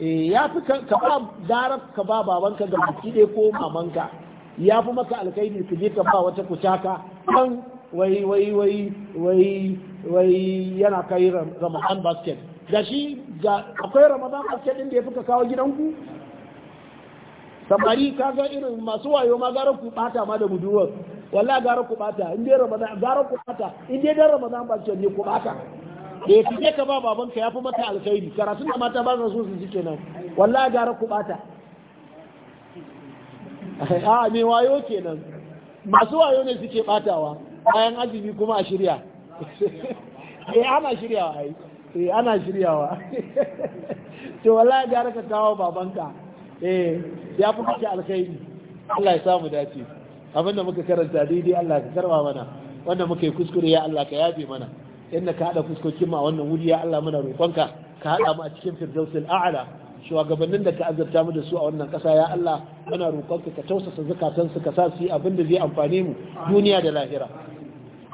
eh ya fi ka ba darar ka ba babanka ga baki ɗaya ko mamanka ya fi maka alkaidi su je ka ba wata kucaka kan wai wai wai wai wai yana kai ramadan basket da shi ga akwai ramadan basket din da ya fi ka kawo gidanku samari kaga irin masu wayo ma gara ku bata ma da budurwar wallahi gara ku bata in dai ramadan gara ku bata in dai dan ramadan ba ce ne ku bata eh kike ka ba babanka yafi mata alkhairi karatun da mata ba za su su ji nan wallahi gara ku bata a ah, me wayo kenan masu wayo ne suke batawa bayan azumi kuma a shirya eh ana shiryawa ai eh ana shiryawa to wallahi gara ka kawo babanka eh ya fi mata alkhairi Allah ya samu dace abinda muka karanta daidai Allah ka karba mana wanda muka yi kuskure ya Allah ka yafe mana inda ka hada kuskokin mu a wannan wuri ya Allah muna roƙonka ka hada mu a cikin firdausul a'la shugabannin da ka azabta mu da su a wannan ƙasa ya Allah muna roƙonka ka tausasa zakatansu ka sa su yi abinda da zai amfane mu duniya da lahira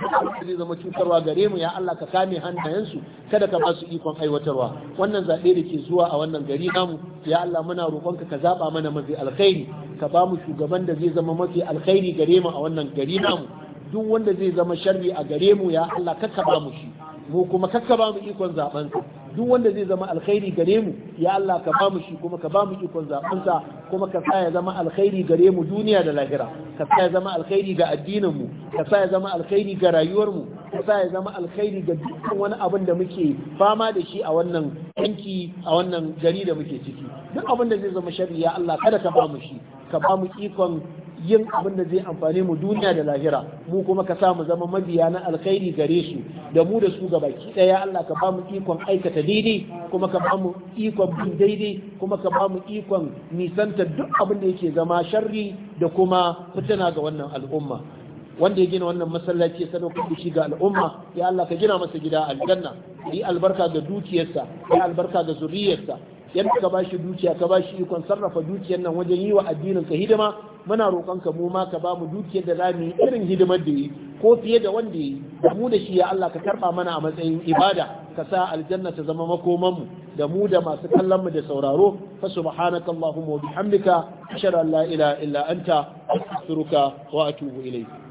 duk zai zama cutarwa gare mu ya Allah ka kame hannayensu kada ka basu ikon aiwatarwa wannan zaɓe da ke zuwa a wannan gari namu ya Allah muna roƙonka ka zaɓa mana mafi alkhairi ka ba mu shugaban da zai zama mafi alkhairi gare mu a wannan gari namu duk wanda zai zama sharri a gare mu ya Allah kakka ba mu shi mu kuma kakka ba mu ikon zaɓen duk wanda zai zama alkhairi gare mu ya Allah ka ba mu shi kuma ka ba mu ikon zabansa kuma ka sa ya zama alkhairi gare mu duniya da lahira ka sa ya zama alkhairi ga addinin mu ka sa ya zama alkhairi ga rayuwar mu ka sa ya zama alkhairi ga dukkan wani abin da muke fama da shi a wannan yanki a wannan gari da muke ciki duk abin da zai zama ya Allah kada ka ba mu shi ka ba mu ikon yin abin da zai amfane mu duniya da lahira mu kuma ka sa mu zama mabiya na alkhairi gare su da mu da su ga baki daya Allah ka bamu ikon aikata daidai kuma ka bamu ikon bin daidai kuma ka bamu ikon nisanta duk abin da yake zama sharri da kuma fitina ga wannan al'umma wanda ya gina wannan masallaci ya sadaukar shi ga al'umma ya Allah ka gina masa gida aljanna yi albarka ga dukiyarsa yi albarka ga zuriyarsa yadda ka bashi dukiya ka bashi ikon sarrafa dukiyar nan wajen yi wa addinin ka hidima muna roƙon ka mu ma ka ba mu dukiyar da zamu yi irin hidimar da yi ko fiye da wanda yi da mu da shi ya Allah ka karba mana a matsayin ibada ka sa aljanna ta zama makoman mu da mu da masu kallon mu da sauraro fa subhanaka allahumma wa bihamdika ashhadu an la ilaha illa anta astaghfiruka wa atubu ilayk